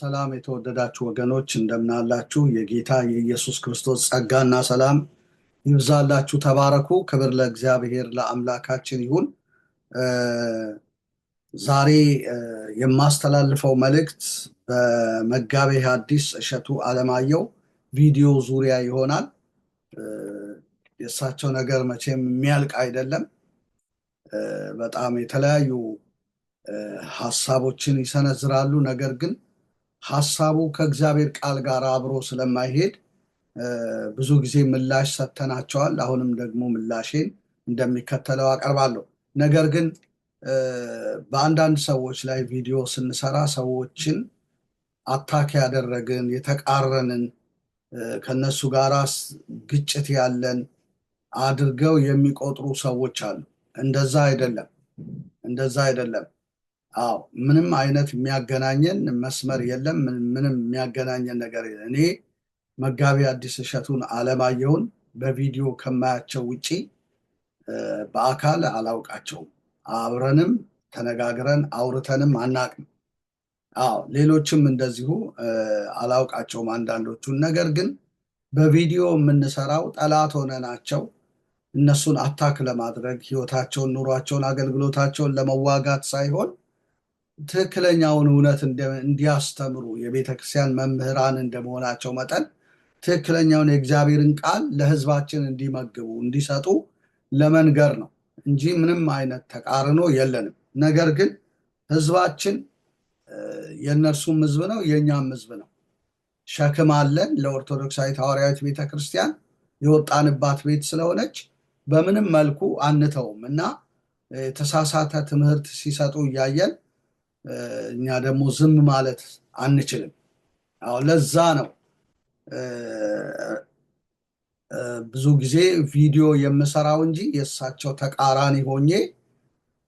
ሰላም የተወደዳችሁ ወገኖች እንደምናላችሁ የጌታ የኢየሱስ ክርስቶስ ጸጋና ሰላም ይብዛላችሁ ተባረኩ ክብር ለእግዚአብሔር ለአምላካችን ይሁን ዛሬ የማስተላልፈው መልእክት በመጋቤ አዲስ እሸቱ አለማየው ቪዲዮ ዙሪያ ይሆናል የእሳቸው ነገር መቼም የሚያልቅ አይደለም በጣም የተለያዩ ሀሳቦችን ይሰነዝራሉ ነገር ግን ሀሳቡ ከእግዚአብሔር ቃል ጋር አብሮ ስለማይሄድ ብዙ ጊዜ ምላሽ ሰጥተናቸዋል። አሁንም ደግሞ ምላሼን እንደሚከተለው አቀርባለሁ። ነገር ግን በአንዳንድ ሰዎች ላይ ቪዲዮ ስንሰራ ሰዎችን አታክ ያደረግን የተቃረንን ከነሱ ጋር ግጭት ያለን አድርገው የሚቆጥሩ ሰዎች አሉ። እንደዛ አይደለም፣ እንደዛ አይደለም። አዎ ምንም አይነት የሚያገናኘን መስመር የለም። ምንም የሚያገናኘን ነገር የለም። እኔ መጋቢ አዲስ እሸቱን አለማየሁን በቪዲዮ ከማያቸው ውጪ በአካል አላውቃቸውም። አብረንም ተነጋግረን አውርተንም አናቅም። አዎ ሌሎችም እንደዚሁ አላውቃቸውም አንዳንዶቹን። ነገር ግን በቪዲዮ የምንሰራው ጠላት ሆነ ናቸው እነሱን አታክ ለማድረግ ህይወታቸውን፣ ኑሯቸውን፣ አገልግሎታቸውን ለመዋጋት ሳይሆን ትክክለኛውን እውነት እንዲያስተምሩ የቤተ ክርስቲያን መምህራን እንደመሆናቸው መጠን ትክክለኛውን የእግዚአብሔርን ቃል ለሕዝባችን እንዲመግቡ እንዲሰጡ ለመንገር ነው እንጂ ምንም አይነት ተቃርኖ የለንም። ነገር ግን ሕዝባችን የእነርሱም ሕዝብ ነው፣ የእኛም ሕዝብ ነው። ሸክም አለን። ለኦርቶዶክሳዊት ሐዋርያዊት ቤተ ክርስቲያን የወጣንባት ቤት ስለሆነች በምንም መልኩ አንተውም እና የተሳሳተ ትምህርት ሲሰጡ እያየን እኛ ደግሞ ዝም ማለት አንችልም። አሁን ለዛ ነው ብዙ ጊዜ ቪዲዮ የምሰራው እንጂ የእሳቸው ተቃራኒ ሆኜ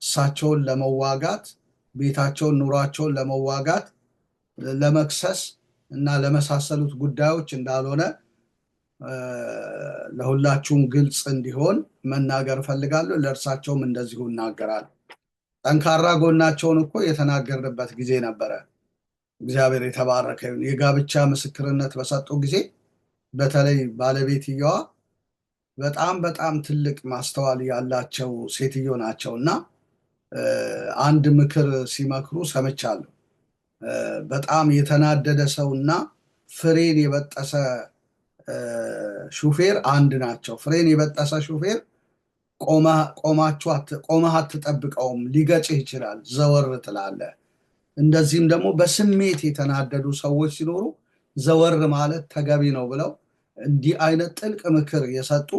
እሳቸውን ለመዋጋት ቤታቸውን፣ ኑሯቸውን ለመዋጋት ለመክሰስ እና ለመሳሰሉት ጉዳዮች እንዳልሆነ ለሁላችሁም ግልጽ እንዲሆን መናገር እፈልጋለሁ። ለእርሳቸውም እንደዚሁ እናገራለሁ። ጠንካራ ጎናቸውን እኮ የተናገርንበት ጊዜ ነበረ። እግዚአብሔር የተባረከ ይሁን። የጋብቻ ምስክርነት በሰጡ ጊዜ በተለይ ባለቤትየዋ በጣም በጣም ትልቅ ማስተዋል ያላቸው ሴትዮ ናቸው እና አንድ ምክር ሲመክሩ ሰምቻለሁ። በጣም የተናደደ ሰው እና ፍሬን የበጠሰ ሹፌር አንድ ናቸው። ፍሬን የበጠሰ ሹፌር ቆመህ አትጠብቀውም፣ ሊገጭህ ይችላል፣ ዘወር ትላለህ። እንደዚህም ደግሞ በስሜት የተናደዱ ሰዎች ሲኖሩ ዘወር ማለት ተገቢ ነው ብለው እንዲህ አይነት ጥልቅ ምክር የሰጡ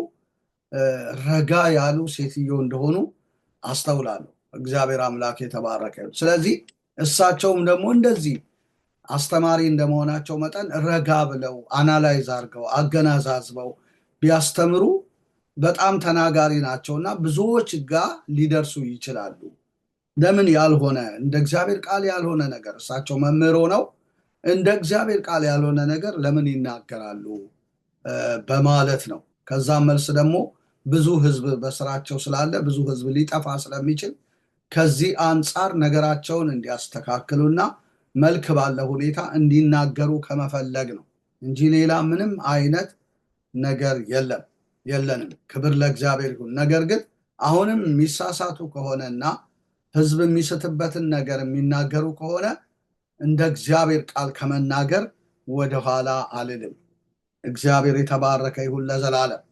ረጋ ያሉ ሴትዮ እንደሆኑ አስተውላለሁ። እግዚአብሔር አምላክ የተባረከ። ስለዚህ እሳቸውም ደግሞ እንደዚህ አስተማሪ እንደመሆናቸው መጠን ረጋ ብለው አናላይዝ አድርገው አገናዛዝበው ቢያስተምሩ በጣም ተናጋሪ ናቸው እና ብዙዎች ጋር ሊደርሱ ይችላሉ። ለምን ያልሆነ እንደ እግዚአብሔር ቃል ያልሆነ ነገር እሳቸው መምህሮ ነው እንደ እግዚአብሔር ቃል ያልሆነ ነገር ለምን ይናገራሉ በማለት ነው። ከዛም መልስ ደግሞ ብዙ ህዝብ በስራቸው ስላለ ብዙ ህዝብ ሊጠፋ ስለሚችል ከዚህ አንጻር ነገራቸውን እንዲያስተካክሉና መልክ ባለ ሁኔታ እንዲናገሩ ከመፈለግ ነው እንጂ ሌላ ምንም አይነት ነገር የለም። የለንም። ክብር ለእግዚአብሔር ይሁን። ነገር ግን አሁንም የሚሳሳቱ ከሆነና ህዝብ የሚስትበትን ነገር የሚናገሩ ከሆነ እንደ እግዚአብሔር ቃል ከመናገር ወደኋላ አልልም። እግዚአብሔር የተባረከ ይሁን ለዘላለም።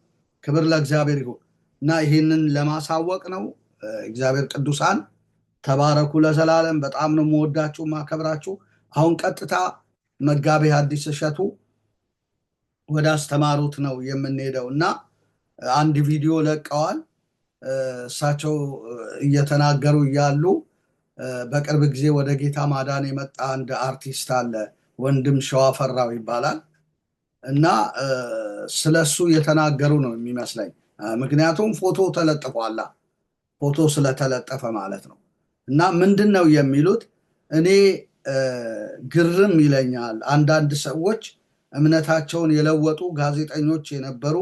ክብር ለእግዚአብሔር ይሁን እና ይህንን ለማሳወቅ ነው። እግዚአብሔር ቅዱሳን ተባረኩ ለዘላለም። በጣም ነው መወዳችሁ ማከብራችሁ። አሁን ቀጥታ መጋቤ ሐዲስ እሸቱ ወደ አስተማሩት ነው የምንሄደው እና አንድ ቪዲዮ ለቀዋል። እሳቸው እየተናገሩ እያሉ በቅርብ ጊዜ ወደ ጌታ ማዳን የመጣ አንድ አርቲስት አለ፣ ወንድም ሸዋፈራው ይባላል እና ስለሱ እየተናገሩ ነው የሚመስለኝ። ምክንያቱም ፎቶ ተለጥፏላ፣ ፎቶ ስለተለጠፈ ማለት ነው። እና ምንድን ነው የሚሉት? እኔ ግርም ይለኛል አንዳንድ ሰዎች እምነታቸውን የለወጡ ጋዜጠኞች የነበሩ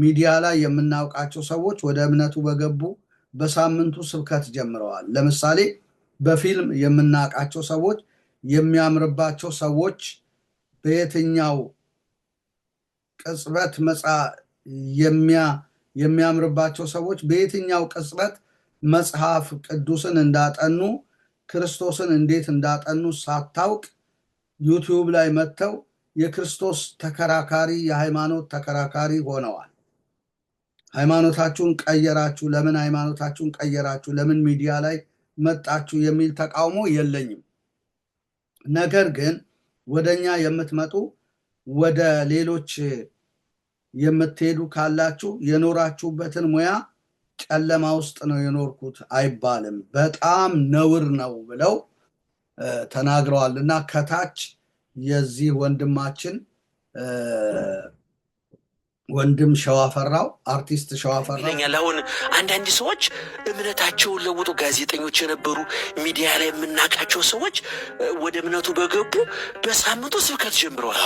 ሚዲያ ላይ የምናውቃቸው ሰዎች ወደ እምነቱ በገቡ በሳምንቱ ስብከት ጀምረዋል። ለምሳሌ በፊልም የምናውቃቸው ሰዎች የሚያምርባቸው ሰዎች በየትኛው ቅጽበት መጻ የሚያምርባቸው ሰዎች በየትኛው ቅጽበት መጽሐፍ ቅዱስን እንዳጠኑ ክርስቶስን እንዴት እንዳጠኑ ሳታውቅ ዩቲዩብ ላይ መጥተው የክርስቶስ ተከራካሪ የሃይማኖት ተከራካሪ ሆነዋል። ሃይማኖታችሁን ቀየራችሁ፣ ለምን ሃይማኖታችሁን ቀየራችሁ፣ ለምን ሚዲያ ላይ መጣችሁ የሚል ተቃውሞ የለኝም። ነገር ግን ወደኛ የምትመጡ ወደ ሌሎች የምትሄዱ ካላችሁ የኖራችሁበትን ሙያ ጨለማ ውስጥ ነው የኖርኩት አይባልም፣ በጣም ነውር ነው ብለው ተናግረዋል እና ከታች የዚህ ወንድማችን ወንድም ሸዋፈራው አርቲስት ሸዋፈራው ይለኛል። አሁን አንዳንድ ሰዎች እምነታቸውን ለውጡ ጋዜጠኞች የነበሩ ሚዲያ ላይ የምናውቃቸው ሰዎች ወደ እምነቱ በገቡ በሳምንቱ ስብከት ጀምረዋል።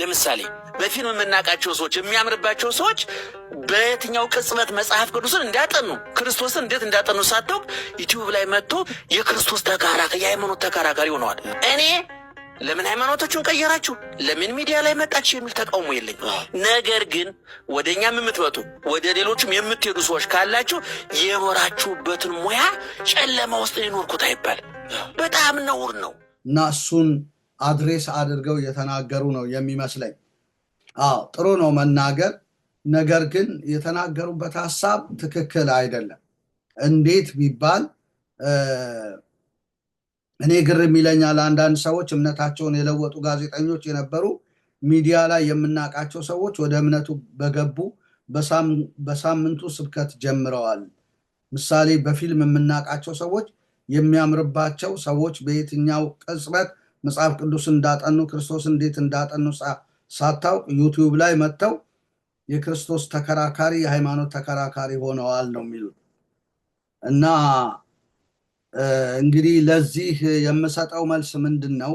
ለምሳሌ በፊልም የምናውቃቸው ሰዎች የሚያምርባቸው ሰዎች በየትኛው ቅጽበት መጽሐፍ ቅዱስን እንዳጠኑ ክርስቶስን እንዴት እንዳጠኑ ሳታውቅ ዩቲዩብ ላይ መጥቶ የክርስቶስ ተከራካሪ የሃይማኖት ተከራካሪ ሆነዋል። እኔ ለምን ሃይማኖቶችን ቀየራችሁ፣ ለምን ሚዲያ ላይ መጣችሁ የሚል ተቃውሞ የለኝ። ነገር ግን ወደ እኛም የምትመጡ ወደ ሌሎችም የምትሄዱ ሰዎች ካላችሁ የኖራችሁበትን ሙያ ጨለማ ውስጥ ሊኖርኩት አይባል፣ በጣም ነውር ነው እና እሱን አድሬስ አድርገው የተናገሩ ነው የሚመስለኝ። አዎ ጥሩ ነው መናገር፣ ነገር ግን የተናገሩበት ሀሳብ ትክክል አይደለም። እንዴት ቢባል እኔ ግር የሚለኛል አንዳንድ ሰዎች እምነታቸውን የለወጡ ጋዜጠኞች የነበሩ ሚዲያ ላይ የምናውቃቸው ሰዎች ወደ እምነቱ በገቡ በሳምንቱ ስብከት ጀምረዋል። ምሳሌ በፊልም የምናውቃቸው ሰዎች የሚያምርባቸው ሰዎች በየትኛው ቅጽበት መጽሐፍ ቅዱስ እንዳጠኑ ክርስቶስ እንዴት እንዳጠኑ ሳታውቅ ዩቲዩብ ላይ መጥተው የክርስቶስ ተከራካሪ የሃይማኖት ተከራካሪ ሆነዋል ነው የሚሉት እና እንግዲህ ለዚህ የምሰጠው መልስ ምንድን ነው?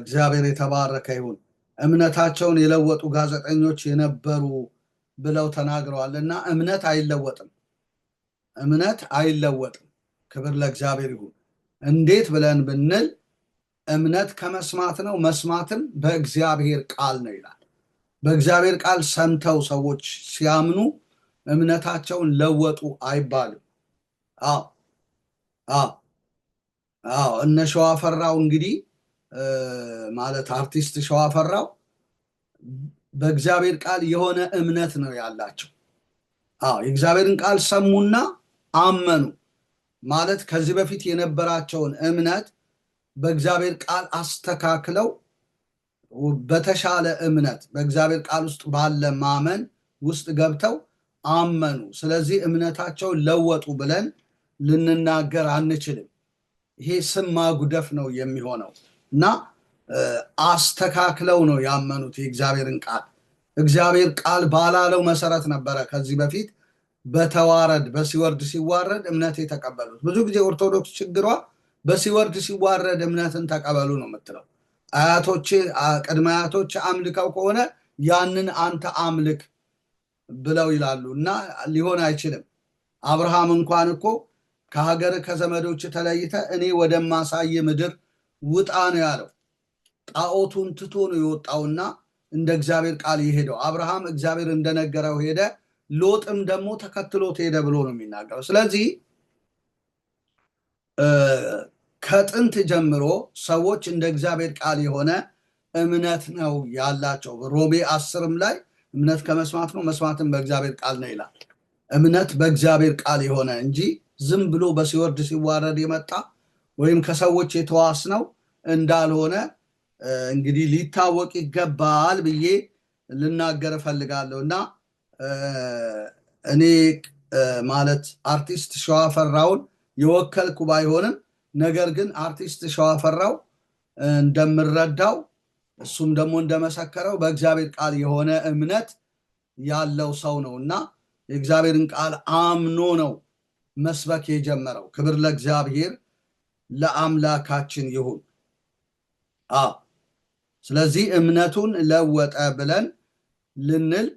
እግዚአብሔር የተባረከ ይሁን። እምነታቸውን የለወጡ ጋዜጠኞች የነበሩ ብለው ተናግረዋል እና እምነት አይለወጥም፣ እምነት አይለወጥም። ክብር ለእግዚአብሔር ይሁን። እንዴት ብለን ብንል እምነት ከመስማት ነው፣ መስማትም በእግዚአብሔር ቃል ነው ይላል። በእግዚአብሔር ቃል ሰምተው ሰዎች ሲያምኑ እምነታቸውን ለወጡ አይባልም። አዎ አዎ እነ ሸዋፈራው እንግዲህ ማለት አርቲስት ሸዋፈራው በእግዚአብሔር ቃል የሆነ እምነት ነው ያላቸው። አዎ የእግዚአብሔርን ቃል ሰሙና አመኑ ማለት ከዚህ በፊት የነበራቸውን እምነት በእግዚአብሔር ቃል አስተካክለው በተሻለ እምነት በእግዚአብሔር ቃል ውስጥ ባለ ማመን ውስጥ ገብተው አመኑ፣ ስለዚህ እምነታቸው ለወጡ ብለን ልንናገር አንችልም። ይሄ ስም ማጉደፍ ነው የሚሆነው እና አስተካክለው ነው ያመኑት። የእግዚአብሔርን ቃል እግዚአብሔር ቃል ባላለው መሰረት ነበረ ከዚህ በፊት በተዋረድ በሲወርድ ሲዋረድ እምነት የተቀበሉት። ብዙ ጊዜ ኦርቶዶክስ ችግሯ በሲወርድ ሲዋረድ እምነትን ተቀበሉ ነው የምትለው። አያቶች ቅድመ አያቶች አምልከው ከሆነ ያንን አንተ አምልክ ብለው ይላሉ እና ሊሆን አይችልም። አብርሃም እንኳን እኮ ከሀገር ከዘመዶች ተለይተ እኔ ወደማሳይ ምድር ውጣ ነው ያለው። ጣዖቱን ትቶ ነው የወጣውና እንደ እግዚአብሔር ቃል የሄደው አብርሃም እግዚአብሔር እንደነገረው ሄደ። ሎጥም ደግሞ ተከትሎት ሄደ ብሎ ነው የሚናገረው። ስለዚህ ከጥንት ጀምሮ ሰዎች እንደ እግዚአብሔር ቃል የሆነ እምነት ነው ያላቸው። ሮሜ አስርም ላይ እምነት ከመስማት ነው መስማትም በእግዚአብሔር ቃል ነው ይላል። እምነት በእግዚአብሔር ቃል የሆነ እንጂ ዝም ብሎ በሲወርድ ሲዋረድ የመጣ ወይም ከሰዎች የተዋስ ነው እንዳልሆነ እንግዲህ ሊታወቅ ይገባል ብዬ ልናገር እፈልጋለሁ እና እኔ ማለት አርቲስት ሸዋፈራውን የወከልኩ ባይሆንም ነገር ግን አርቲስት ሸዋፈራው እንደምረዳው እሱም ደግሞ እንደመሰከረው በእግዚአብሔር ቃል የሆነ እምነት ያለው ሰው ነው እና የእግዚአብሔርን ቃል አምኖ ነው መስበክ የጀመረው። ክብር ለእግዚአብሔር ለአምላካችን ይሁን። አዎ ስለዚህ እምነቱን ለወጠ ብለን ልንል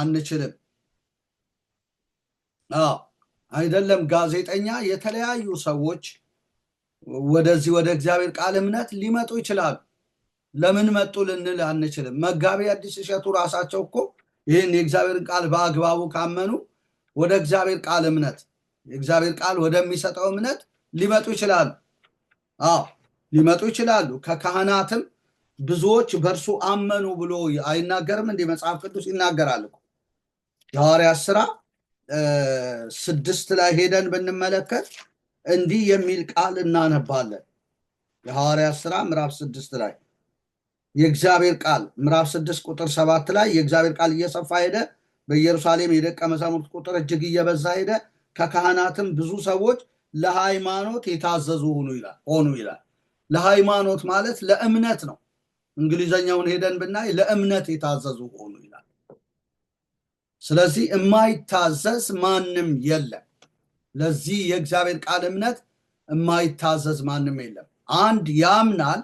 አንችልም። አዎ አይደለም ጋዜጠኛ የተለያዩ ሰዎች ወደዚህ ወደ እግዚአብሔር ቃል እምነት ሊመጡ ይችላሉ። ለምን መጡ ልንል አንችልም። መጋቢ አዲስ እሸቱ ራሳቸው እኮ ይህን የእግዚአብሔርን ቃል በአግባቡ ካመኑ ወደ እግዚአብሔር ቃል እምነት የእግዚአብሔር ቃል ወደሚሰጠው እምነት ሊመጡ ይችላሉ። አዎ ሊመጡ ይችላሉ። ከካህናትም ብዙዎች በእርሱ አመኑ ብሎ አይናገርም? እንዲህ መጽሐፍ ቅዱስ ይናገራል የሐዋርያ ስራ ስድስት ላይ ሄደን ብንመለከት እንዲህ የሚል ቃል እናነባለን። የሐዋርያ ስራ ምዕራፍ ስድስት ላይ የእግዚአብሔር ቃል ምዕራፍ ስድስት ቁጥር ሰባት ላይ የእግዚአብሔር ቃል እየሰፋ ሄደ። በኢየሩሳሌም የደቀ መዛሙርት ቁጥር እጅግ እየበዛ ሄደ። ከካህናትም ብዙ ሰዎች ለሃይማኖት የታዘዙ ሆኑ ይላል። ለሃይማኖት ማለት ለእምነት ነው። እንግሊዘኛውን ሄደን ብናይ ለእምነት የታዘዙ ሆኑ ይላል። ስለዚህ የማይታዘዝ ማንም የለም። ለዚህ የእግዚአብሔር ቃል እምነት የማይታዘዝ ማንም የለም። አንድ ያምናል፣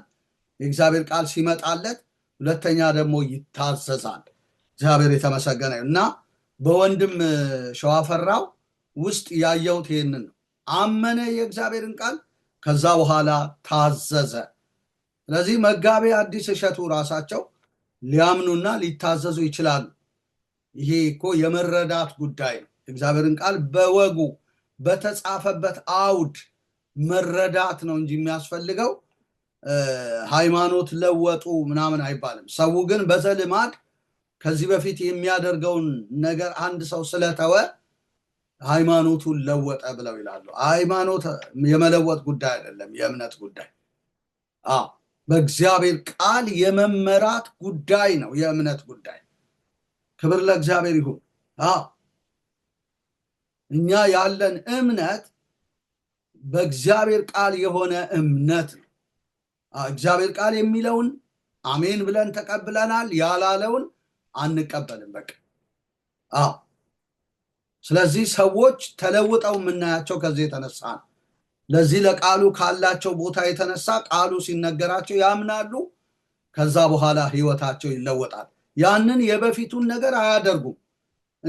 የእግዚአብሔር ቃል ሲመጣለት፣ ሁለተኛ ደግሞ ይታዘዛል። እግዚአብሔር የተመሰገነ እና በወንድም ሸዋፈራው ውስጥ ያየውት ይህንን ነው። አመነ የእግዚአብሔርን ቃል ከዛ በኋላ ታዘዘ። ስለዚህ መጋቤ አዲስ እሸቱ ራሳቸው ሊያምኑና ሊታዘዙ ይችላሉ። ይሄ እኮ የመረዳት ጉዳይ ነው። የእግዚአብሔርን ቃል በወጉ በተጻፈበት አውድ መረዳት ነው እንጂ የሚያስፈልገው ሃይማኖት ለወጡ ምናምን አይባልም። ሰው ግን በዘልማድ ከዚህ በፊት የሚያደርገውን ነገር አንድ ሰው ስለተወ ሃይማኖቱን ለወጠ ብለው ይላሉ። ሃይማኖት የመለወጥ ጉዳይ አይደለም፣ የእምነት ጉዳይ በእግዚአብሔር ቃል የመመራት ጉዳይ ነው፣ የእምነት ጉዳይ። ክብር ለእግዚአብሔር ይሁን። አዎ እኛ ያለን እምነት በእግዚአብሔር ቃል የሆነ እምነት ነው። እግዚአብሔር ቃል የሚለውን አሜን ብለን ተቀብለናል፣ ያላለውን አንቀበልም። በቃ አዎ። ስለዚህ ሰዎች ተለውጠው የምናያቸው ከዚህ የተነሳ ነው። ለዚህ ለቃሉ ካላቸው ቦታ የተነሳ ቃሉ ሲነገራቸው ያምናሉ። ከዛ በኋላ ህይወታቸው ይለወጣል። ያንን የበፊቱን ነገር አያደርጉም።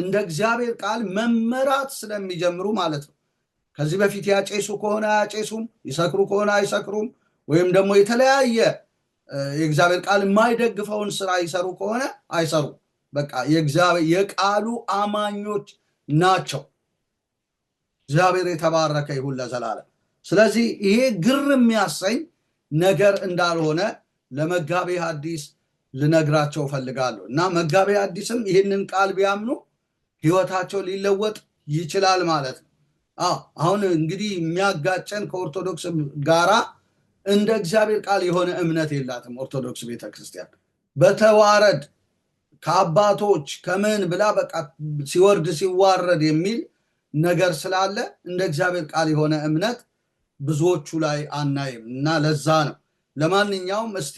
እንደ እግዚአብሔር ቃል መመራት ስለሚጀምሩ ማለት ነው። ከዚህ በፊት ያጨሱ ከሆነ አያጨሱም፣ ይሰክሩ ከሆነ አይሰክሩም፣ ወይም ደግሞ የተለያየ የእግዚአብሔር ቃል የማይደግፈውን ስራ ይሰሩ ከሆነ አይሰሩም። በቃ የቃሉ አማኞች ናቸው። እግዚአብሔር የተባረከ ይሁን ለዘላለም። ስለዚህ ይሄ ግር የሚያሰኝ ነገር እንዳልሆነ ለመጋቤ ሐዲስ ልነግራቸው እፈልጋለሁ እና መጋቤ ሐዲስም ይህንን ቃል ቢያምኑ ህይወታቸው ሊለወጥ ይችላል ማለት ነው። አሁን እንግዲህ የሚያጋጨን ከኦርቶዶክስ ጋራ እንደ እግዚአብሔር ቃል የሆነ እምነት የላትም ኦርቶዶክስ ቤተክርስቲያን። በተዋረድ ከአባቶች ከምን ብላ በቃ ሲወርድ ሲዋረድ የሚል ነገር ስላለ እንደ እግዚአብሔር ቃል የሆነ እምነት ብዙዎቹ ላይ አናይም እና ለዛ ነው። ለማንኛውም እስቲ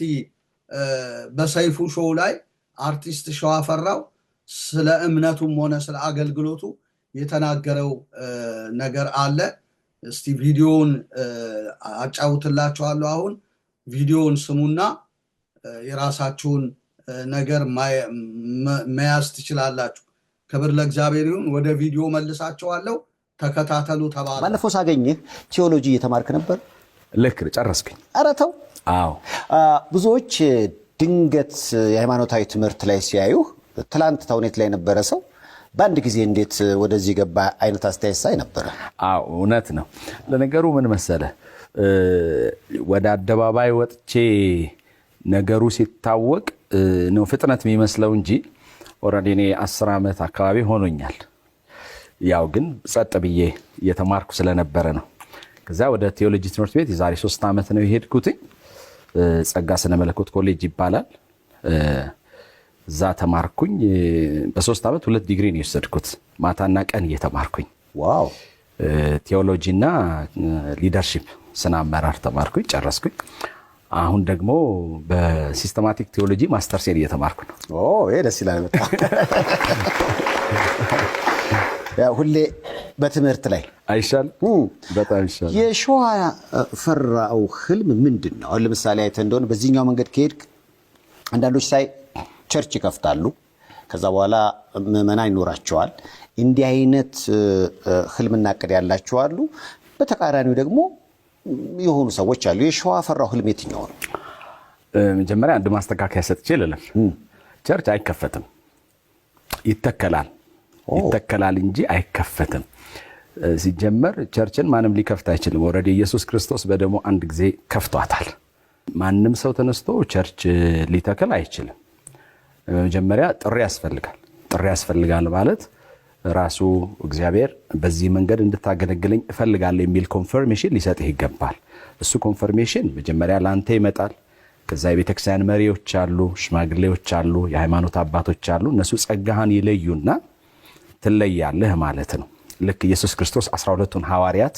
በሰይፉ ሾው ላይ አርቲስት ሸዋፈራው ስለ እምነቱም ሆነ ስለ አገልግሎቱ የተናገረው ነገር አለ። እስቲ ቪዲዮውን አጫውትላችኋለሁ። አሁን ቪዲዮውን ስሙና የራሳችሁን ነገር መያዝ ትችላላችሁ። ክብር ለእግዚአብሔር ይሁን። ወደ ቪዲዮ መልሳችኋለሁ። ተከታተሉ ተባለ። ባለፈው ሳገኝህ ቴዎሎጂ እየተማርክ ነበር። ልክ ጨረስክኝ? ኧረ ተው። አዎ ብዙዎች ድንገት የሃይማኖታዊ ትምህርት ላይ ሲያዩህ ትላንት ተውኔት ላይ የነበረ ሰው በአንድ ጊዜ እንዴት ወደዚህ ገባ አይነት አስተያየት ሳይ ነበረ። እውነት ነው። ለነገሩ ምን መሰለ፣ ወደ አደባባይ ወጥቼ ነገሩ ሲታወቅ ነው ፍጥነት የሚመስለው እንጂ ኦልሬዲ እኔ አስር ዓመት አካባቢ ሆኖኛል። ያው ግን ጸጥ ብዬ እየተማርኩ ስለነበረ ነው። ከዚያ ወደ ቴዎሎጂ ትምህርት ቤት የዛሬ ሶስት ዓመት ነው የሄድኩትኝ። ጸጋ ስነ መለኮት ኮሌጅ ይባላል። እዛ ተማርኩኝ። በሶስት ዓመት ሁለት ዲግሪ ነው የወሰድኩት ማታና ቀን እየተማርኩኝ። ዋው ቴዎሎጂና ሊደርሺፕ ስነ አመራር ተማርኩኝ ጨረስኩኝ። አሁን ደግሞ በሲስተማቲክ ቴዎሎጂ ማስተርሴን እየተማርኩ ነው። ደስ ይላል በጣም ሁሌ በትምህርት ላይ አይሻል በጣም ይሻል። የሸዋ ፈራው ህልም ምንድን ነው? አሁን ለምሳሌ አይተህ እንደሆነ በዚህኛው መንገድ ከሄድክ አንዳንዶች ሳይ ቸርች ይከፍታሉ። ከዛ በኋላ ምእመና ይኖራቸዋል። እንዲህ አይነት ህልምና እቅድ ያላቸው አሉ። በተቃራኒው ደግሞ የሆኑ ሰዎች አሉ። የሸዋ ፈራው ህልም የትኛው ነው? መጀመሪያ አንድ ማስተካከያ ሰጥቼ ልልም፣ ቸርች አይከፈትም፣ ይተከላል። ይተከላል እንጂ አይከፈትም። ሲጀመር ቸርችን ማንም ሊከፍት አይችልም። ኦልሬዲ ኢየሱስ ክርስቶስ በደሞ አንድ ጊዜ ከፍቷታል። ማንም ሰው ተነስቶ ቸርች ሊተክል አይችልም። በመጀመሪያ ጥሪ ያስፈልጋል። ጥሪ ያስፈልጋል ማለት ራሱ እግዚአብሔር በዚህ መንገድ እንድታገለግለኝ እፈልጋለሁ የሚል ኮንፈርሜሽን ሊሰጥህ ይገባል። እሱ ኮንፈርሜሽን መጀመሪያ ለአንተ ይመጣል። ከዛ የቤተክርስቲያን መሪዎች አሉ፣ ሽማግሌዎች አሉ፣ የሃይማኖት አባቶች አሉ። እነሱ ጸጋህን ይለዩና ትለያለህ ማለት ነው። ልክ ኢየሱስ ክርስቶስ 12ቱን ሐዋርያት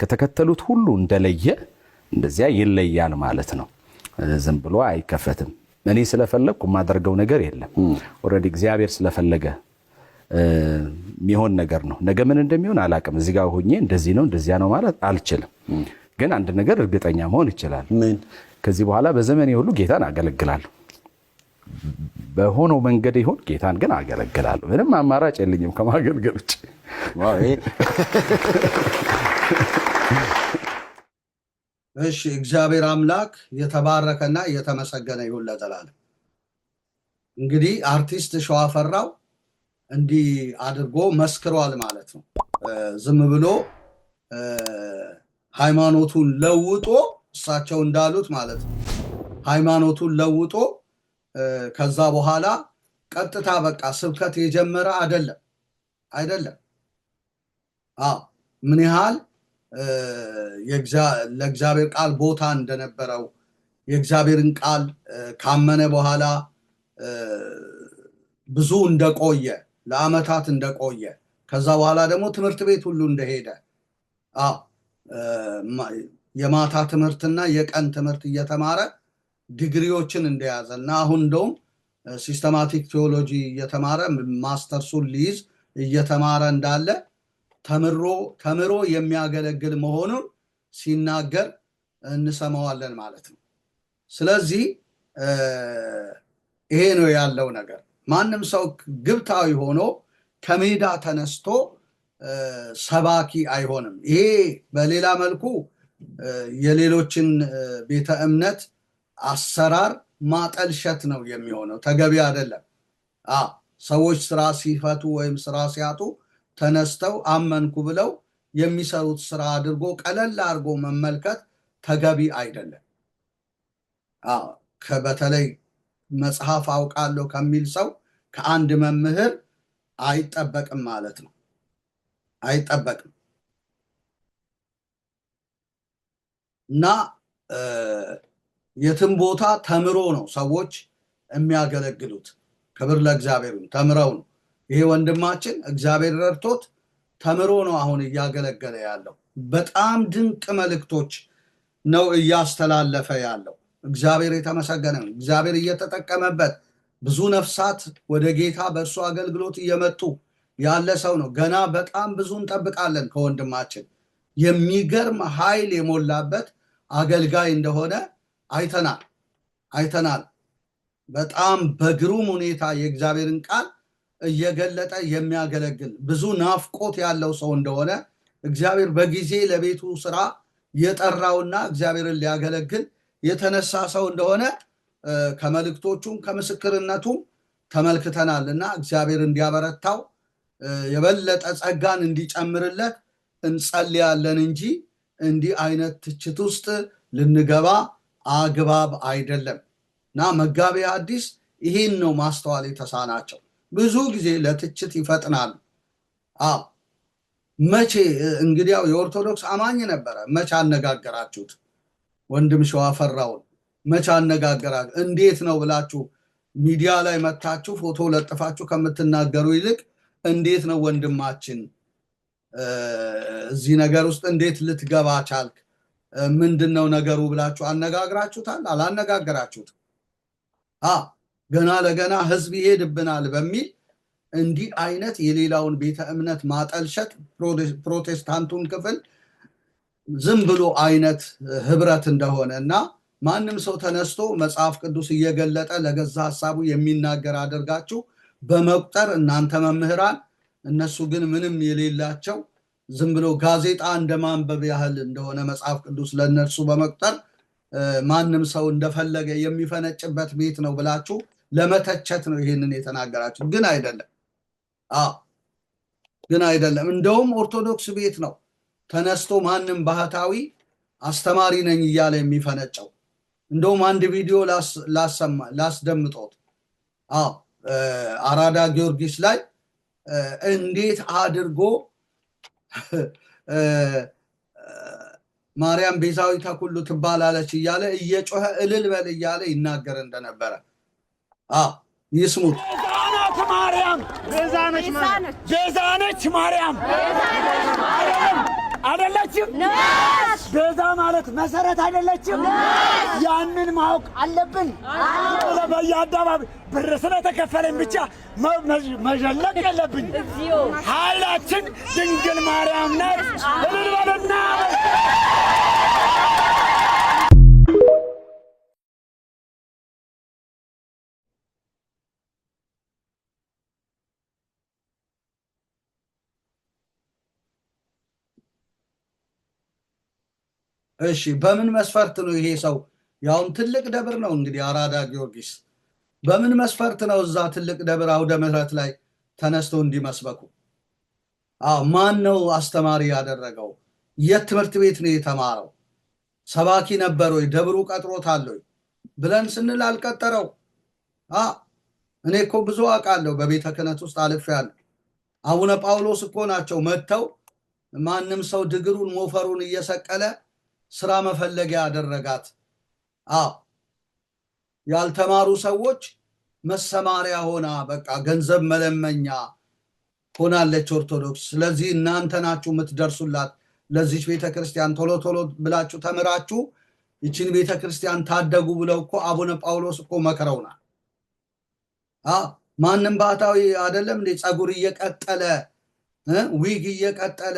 ከተከተሉት ሁሉ እንደለየ እንደዚያ ይለያል ማለት ነው። ዝም ብሎ አይከፈትም። እኔ ስለፈለግኩ የማደርገው ነገር የለም። ኦልሬዲ እግዚአብሔር ስለፈለገ የሚሆን ነገር ነው። ነገ ምን እንደሚሆን አላቅም። እዚህ ጋር ሆኜ እንደዚህ ነው እንደዚያ ነው ማለት አልችልም። ግን አንድ ነገር እርግጠኛ መሆን ይችላል። ከዚህ በኋላ በዘመኔ ሁሉ ጌታን አገለግላለሁ። በሆነው መንገድ ይሁን ጌታን ግን አገለግላለሁ። ምንም አማራጭ የለኝም ከማገልገል ውጭ። እሺ እግዚአብሔር አምላክ የተባረከና የተመሰገነ ይሁን ለዘላለም። እንግዲህ አርቲስት ሸዋፈራው እንዲህ አድርጎ መስክሯል ማለት ነው። ዝም ብሎ ሃይማኖቱን ለውጦ እሳቸው እንዳሉት ማለት ነው። ሃይማኖቱን ለውጦ ከዛ በኋላ ቀጥታ በቃ ስብከት የጀመረ አይደለም አይደለም። ምን ያህል ለእግዚአብሔር ቃል ቦታ እንደነበረው የእግዚአብሔርን ቃል ካመነ በኋላ ብዙ እንደቆየ ለአመታት እንደቆየ ከዛ በኋላ ደግሞ ትምህርት ቤት ሁሉ እንደሄደ የማታ ትምህርትና የቀን ትምህርት እየተማረ ዲግሪዎችን እንደያዘ እና አሁን እንደውም ሲስተማቲክ ቴዎሎጂ እየተማረ ማስተርሱን ሊይዝ እየተማረ እንዳለ ተምሮ ተምሮ የሚያገለግል መሆኑን ሲናገር እንሰማዋለን ማለት ነው። ስለዚህ ይሄ ነው ያለው ነገር። ማንም ሰው ግብታዊ ሆኖ ከሜዳ ተነስቶ ሰባኪ አይሆንም። ይሄ በሌላ መልኩ የሌሎችን ቤተ እምነት አሰራር ማጠልሸት ነው የሚሆነው፣ ተገቢ አይደለም። ሰዎች ስራ ሲፈቱ ወይም ስራ ሲያጡ ተነስተው አመንኩ ብለው የሚሰሩት ስራ አድርጎ ቀለል አድርጎ መመልከት ተገቢ አይደለም። በተለይ መጽሐፍ አውቃለሁ ከሚል ሰው ከአንድ መምህር አይጠበቅም ማለት ነው። አይጠበቅም እና የትም ቦታ ተምሮ ነው ሰዎች የሚያገለግሉት። ክብር ለእግዚአብሔር ተምረው ነው። ይሄ ወንድማችን እግዚአብሔር ረድቶት ተምሮ ነው አሁን እያገለገለ ያለው። በጣም ድንቅ መልእክቶች ነው እያስተላለፈ ያለው። እግዚአብሔር የተመሰገነ ነው። እግዚአብሔር እየተጠቀመበት ብዙ ነፍሳት ወደ ጌታ በእርሱ አገልግሎት እየመጡ ያለ ሰው ነው። ገና በጣም ብዙ እንጠብቃለን ከወንድማችን የሚገርም ኃይል የሞላበት አገልጋይ እንደሆነ አይተናል አይተናል። በጣም በግሩም ሁኔታ የእግዚአብሔርን ቃል እየገለጠ የሚያገለግል ብዙ ናፍቆት ያለው ሰው እንደሆነ እግዚአብሔር በጊዜ ለቤቱ ስራ የጠራውና እግዚአብሔርን ሊያገለግል የተነሳ ሰው እንደሆነ ከመልእክቶቹም ከምስክርነቱም ተመልክተናል እና እግዚአብሔር እንዲያበረታው የበለጠ ጸጋን እንዲጨምርለት እንጸልያለን እንጂ እንዲህ አይነት ትችት ውስጥ ልንገባ አግባብ አይደለም እና መጋቤ ሐዲስ ይህን ነው ማስተዋል የተሳናቸው። ብዙ ጊዜ ለትችት ይፈጥናል። አዎ መቼ እንግዲያው የኦርቶዶክስ አማኝ ነበረ። መቼ አነጋገራችሁት? ወንድም ሸዋፈራውን መቼ አነጋገራ እንዴት ነው ብላችሁ ሚዲያ ላይ መታችሁ ፎቶ ለጥፋችሁ ከምትናገሩ ይልቅ እንዴት ነው ወንድማችን እዚህ ነገር ውስጥ እንዴት ልትገባ ቻልክ? ምንድን ነው ነገሩ ብላችሁ አነጋግራችሁታል? አላነጋገራችሁት? ገና ለገና ህዝብ ይሄድብናል በሚል እንዲህ አይነት የሌላውን ቤተ እምነት ማጠልሸት ፕሮቴስታንቱን ክፍል ዝም ብሎ አይነት ህብረት እንደሆነ እና ማንም ሰው ተነስቶ መጽሐፍ ቅዱስ እየገለጠ ለገዛ ሀሳቡ የሚናገር አድርጋችሁ በመቁጠር እናንተ መምህራን፣ እነሱ ግን ምንም የሌላቸው ዝም ብሎ ጋዜጣ እንደማንበብ ያህል እንደሆነ መጽሐፍ ቅዱስ ለእነርሱ በመቁጠር ማንም ሰው እንደፈለገ የሚፈነጭበት ቤት ነው ብላችሁ ለመተቸት ነው ይህንን የተናገራቸው። ግን አይደለም ግን አይደለም። እንደውም ኦርቶዶክስ ቤት ነው ተነስቶ ማንም ባህታዊ አስተማሪ ነኝ እያለ የሚፈነጨው። እንደውም አንድ ቪዲዮ ላስደምጦት። አራዳ ጊዮርጊስ ላይ እንዴት አድርጎ ማርያም ቤዛዊተ ሁሉ ትባላለች እያለ እየጮኸ እልል በል እያለ ይናገር እንደነበረ ይስሙት። ቤዛነች ማርያም አይደለችም። ቤዛ ማለት መሰረት አይደለችም። ያንን ማወቅ አለብን። በየአደባባይ ብር ስለተከፈለን ብቻ መዠለቅ የለብን። ኃይላችን ድንግል ማርያም ናት። እልል በልና እሺ በምን መስፈርት ነው ይሄ ሰው ያውም ትልቅ ደብር ነው እንግዲህ አራዳ ጊዮርጊስ በምን መስፈርት ነው እዛ ትልቅ ደብር አውደ ምሕረት ላይ ተነስቶ እንዲመስበኩ? ማን ነው አስተማሪ ያደረገው? የት ትምህርት ቤት ነው የተማረው? ሰባኪ ነበር ወይ? ደብሩ ቀጥሮታል ወይ ብለን ስንል አልቀጠረው። እኔ እኮ ብዙ አውቃለሁ፣ በቤተ ክህነት ውስጥ አልፌያለሁ። አቡነ ጳውሎስ እኮ ናቸው መጥተው ማንም ሰው ድግሩን ሞፈሩን እየሰቀለ ስራ መፈለጊያ ያደረጋት። አዎ ያልተማሩ ሰዎች መሰማሪያ ሆና በቃ ገንዘብ መለመኛ ሆናለች ኦርቶዶክስ። ስለዚህ እናንተ ናችሁ የምትደርሱላት ለዚች ቤተ ክርስቲያን። ቶሎ ቶሎ ብላችሁ ተምራችሁ ይችን ቤተ ክርስቲያን ታደጉ ብለው እኮ አቡነ ጳውሎስ እኮ መክረውናል። ማንም ባህታዊ አይደለም እንዴ? ፀጉር እየቀጠለ ዊግ እየቀጠለ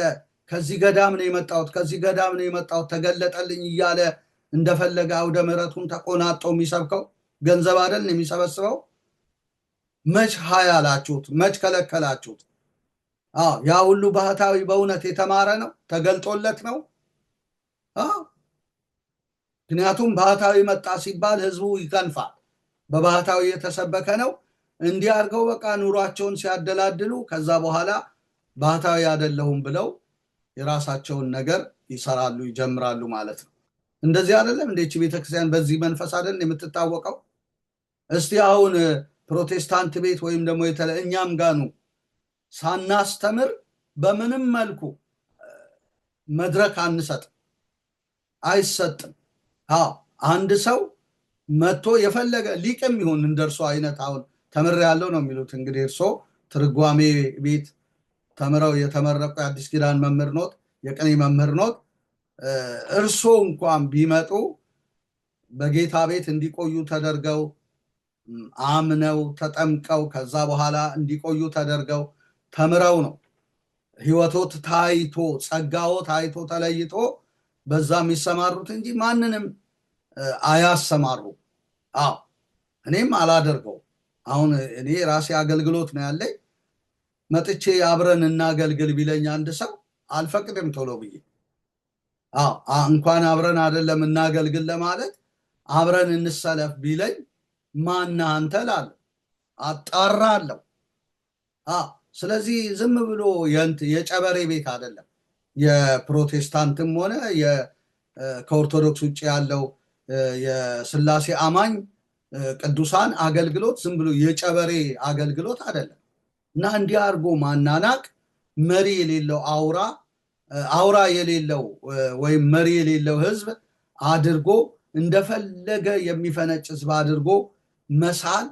ከዚህ ገዳም ነው የመጣሁት ከዚህ ገዳም ነው የመጣሁት ተገለጠልኝ እያለ እንደፈለገ አውደ ምሕረቱን ተቆናጦ የሚሰብከው ገንዘብ አይደል የሚሰበስበው? መች ሀያ አላችሁት? መች ከለከላችሁት? ያ ሁሉ ባህታዊ በእውነት የተማረ ነው ተገልጦለት ነው። ምክንያቱም ባህታዊ መጣ ሲባል ህዝቡ ይከንፋል። በባህታዊ የተሰበከ ነው። እንዲህ አድርገው በቃ ኑሯቸውን ሲያደላድሉ ከዛ በኋላ ባህታዊ አይደለሁም ብለው የራሳቸውን ነገር ይሰራሉ፣ ይጀምራሉ ማለት ነው። እንደዚህ አይደለም እንደ ች ቤተክርስቲያን በዚህ መንፈስ አይደል የምትታወቀው? እስቲ አሁን ፕሮቴስታንት ቤት ወይም ደግሞ እኛም ጋኑ ሳናስተምር በምንም መልኩ መድረክ አንሰጥ አይሰጥም። አዎ አንድ ሰው መጥቶ የፈለገ ሊቅም ይሁን እንደርሶ አይነት አሁን ያለው ነው የሚሉት እንግዲህ እርሶ ትርጓሜ ቤት ተምረው የተመረቁ የአዲስ ኪዳን መምህር ኖት፣ የቅኔ መምህር ኖት። እርሶ እንኳን ቢመጡ በጌታ ቤት እንዲቆዩ ተደርገው አምነው ተጠምቀው ከዛ በኋላ እንዲቆዩ ተደርገው ተምረው ነው ህይወቶት ታይቶ ጸጋዎ ታይቶ ተለይቶ በዛ የሚሰማሩት እንጂ ማንንም አያሰማሩ። አዎ እኔም አላደርገው። አሁን እኔ ራሴ አገልግሎት ነው ያለኝ። መጥቼ አብረን እናገልግል ቢለኝ አንድ ሰው አልፈቅድም ቶሎ ብዬ። እንኳን አብረን አይደለም እናገልግል ለማለት አብረን እንሰለፍ ቢለኝ ማና አንተ አጣራ አለው ስለዚህ ዝም ብሎ የጨበሬ ቤት አይደለም። የፕሮቴስታንትም ሆነ ከኦርቶዶክስ ውጭ ያለው የስላሴ አማኝ ቅዱሳን አገልግሎት ዝም ብሎ የጨበሬ አገልግሎት አይደለም። እና እንዲህ አድርጎ ማናናቅ መሪ የሌለው አውራ አውራ የሌለው ወይም መሪ የሌለው ህዝብ አድርጎ እንደፈለገ የሚፈነጭ ህዝብ አድርጎ መሳል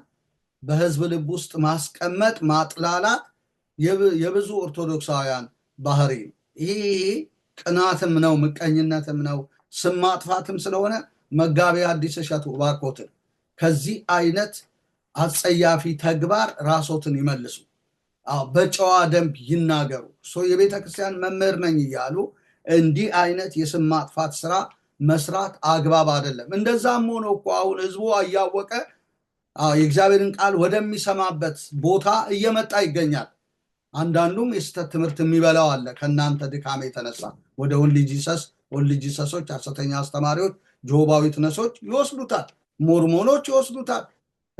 በህዝብ ልብ ውስጥ ማስቀመጥ ማጥላላት የብዙ ኦርቶዶክሳውያን ባህሪ ይሄ ቅናትም ነው፣ ምቀኝነትም ነው፣ ስም ማጥፋትም ስለሆነ መጋቢ አዲስ እሸቱ ባኮትን ከዚህ አይነት አጸያፊ ተግባር ራሶትን ይመልሱ። በጨዋ ደንብ ይናገሩ። የቤተ ክርስቲያን መምህር ነኝ እያሉ እንዲህ አይነት የስም ማጥፋት ስራ መስራት አግባብ አይደለም። እንደዛም ሆኖ እኮ አሁን ህዝቡ እያወቀ የእግዚአብሔርን ቃል ወደሚሰማበት ቦታ እየመጣ ይገኛል። አንዳንዱም የስህተት ትምህርት የሚበላው አለ። ከእናንተ ድካም የተነሳ ወደ ኦንሊ ጂሰስ፣ ሐሰተኛ አስተማሪዎች፣ ጆባዊትነሶች ይወስዱታል። ሞርሞኖች ይወስዱታል።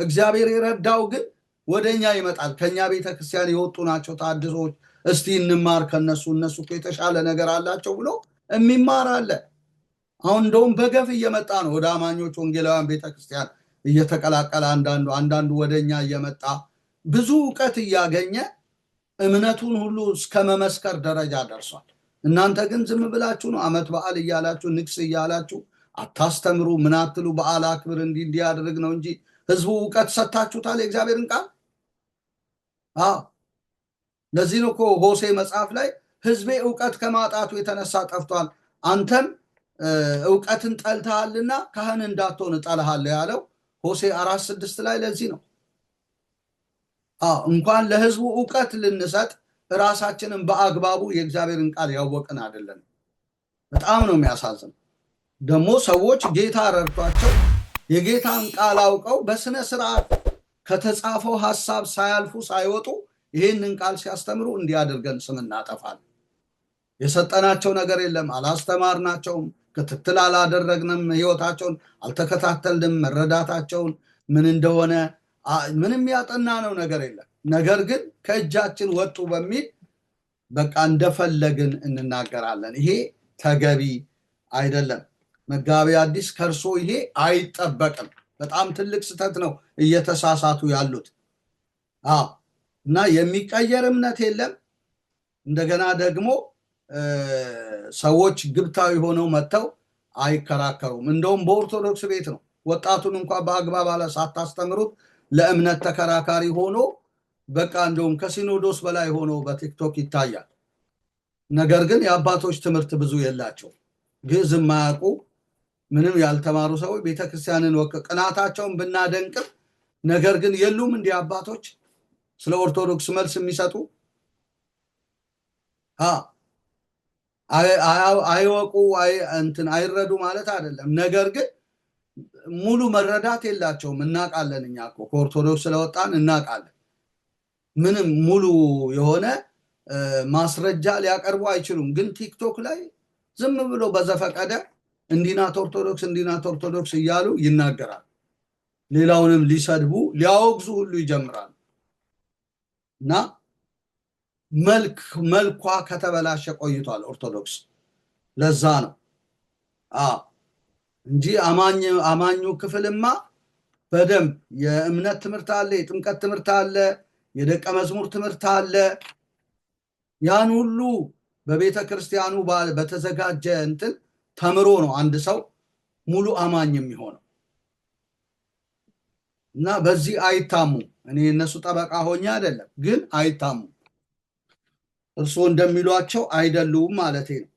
እግዚአብሔር የረዳው ግን ወደ እኛ ይመጣል። ከእኛ ቤተ ክርስቲያን የወጡ ናቸው ታድሶች፣ እስቲ እንማር ከነሱ እነሱ የተሻለ ነገር አላቸው ብሎ የሚማር አለ። አሁን እንደውም በገፍ እየመጣ ነው ወደ አማኞች ወንጌላውያን ቤተ ክርስቲያን እየተቀላቀለ አንዳንዱ አንዳንዱ ወደ እኛ እየመጣ ብዙ እውቀት እያገኘ እምነቱን ሁሉ እስከ መመስከር ደረጃ ደርሷል። እናንተ ግን ዝም ብላችሁ ነው አመት በዓል እያላችሁ ንግስ እያላችሁ አታስተምሩ፣ ምናትሉ በዓል አክብር እንዲህ እንዲያደርግ ነው እንጂ ህዝቡ እውቀት ሰጥታችሁታል የእግዚአብሔርን ቃል ለዚህ ነው እኮ ሆሴ መጽሐፍ ላይ ህዝቤ እውቀት ከማጣቱ የተነሳ ጠፍቷል፣ አንተም እውቀትን ጠልተሃልና ካህን እንዳትሆን እጠልሃለሁ ያለው ሆሴ አራት ስድስት ላይ ለዚህ ነው። እንኳን ለህዝቡ እውቀት ልንሰጥ እራሳችንን በአግባቡ የእግዚአብሔርን ቃል ያወቅን አይደለም። በጣም ነው የሚያሳዝን። ደግሞ ሰዎች ጌታ ረድቷቸው የጌታን ቃል አውቀው በስነ ስርዓት ከተጻፈው ሀሳብ ሳያልፉ ሳይወጡ ይህንን ቃል ሲያስተምሩ እንዲያደርገን ስም እናጠፋለን። የሰጠናቸው ነገር የለም፣ አላስተማርናቸውም፣ ክትትል አላደረግንም፣ ህይወታቸውን አልተከታተልንም፣ መረዳታቸውን ምን እንደሆነ ምንም ያጠናነው ነገር የለም። ነገር ግን ከእጃችን ወጡ በሚል በቃ እንደፈለግን እንናገራለን። ይሄ ተገቢ አይደለም። መጋቢ አዲስ ከእርሶ ይሄ አይጠበቅም። በጣም ትልቅ ስተት ነው እየተሳሳቱ ያሉት። አዎ እና የሚቀየር እምነት የለም። እንደገና ደግሞ ሰዎች ግብታዊ ሆነው መጥተው አይከራከሩም። እንደውም በኦርቶዶክስ ቤት ነው ወጣቱን እንኳ በአግባብ አለ ሳታስተምሩት ለእምነት ተከራካሪ ሆኖ በቃ እንደውም ከሲኖዶስ በላይ ሆኖ በቲክቶክ ይታያል። ነገር ግን የአባቶች ትምህርት ብዙ የላቸው ግዕዝ የማያውቁ ምንም ያልተማሩ ሰዎች ቤተክርስቲያንን ወቅ ቅናታቸውን ብናደንቅም ነገር ግን የሉም እንዲህ አባቶች ስለ ኦርቶዶክስ መልስ የሚሰጡ አይወቁ እንትን አይረዱ ማለት አይደለም። ነገር ግን ሙሉ መረዳት የላቸውም። እናቃለን እኛ እኮ ከኦርቶዶክስ ስለወጣን እናውቃለን። ምንም ሙሉ የሆነ ማስረጃ ሊያቀርቡ አይችሉም። ግን ቲክቶክ ላይ ዝም ብሎ በዘፈቀደ እንዲናት ኦርቶዶክስ እንዲናት ኦርቶዶክስ እያሉ ይናገራል። ሌላውንም ሊሰድቡ ሊያወግዙ ሁሉ ይጀምራሉ። እና መልክ መልኳ ከተበላሸ ቆይቷል ኦርቶዶክስ። ለዛ ነው እንጂ አማኙ ክፍልማ በደንብ የእምነት ትምህርት አለ፣ የጥምቀት ትምህርት አለ፣ የደቀ መዝሙር ትምህርት አለ። ያን ሁሉ በቤተ ክርስቲያኑ በተዘጋጀ እንትን ተምሮ ነው አንድ ሰው ሙሉ አማኝ የሚሆነው እና በዚህ አይታሙ እኔ እነሱ ጠበቃ ሆኜ አይደለም፣ ግን አይታሙ እርስዎ እንደሚሏቸው አይደሉም ማለቴ ነው።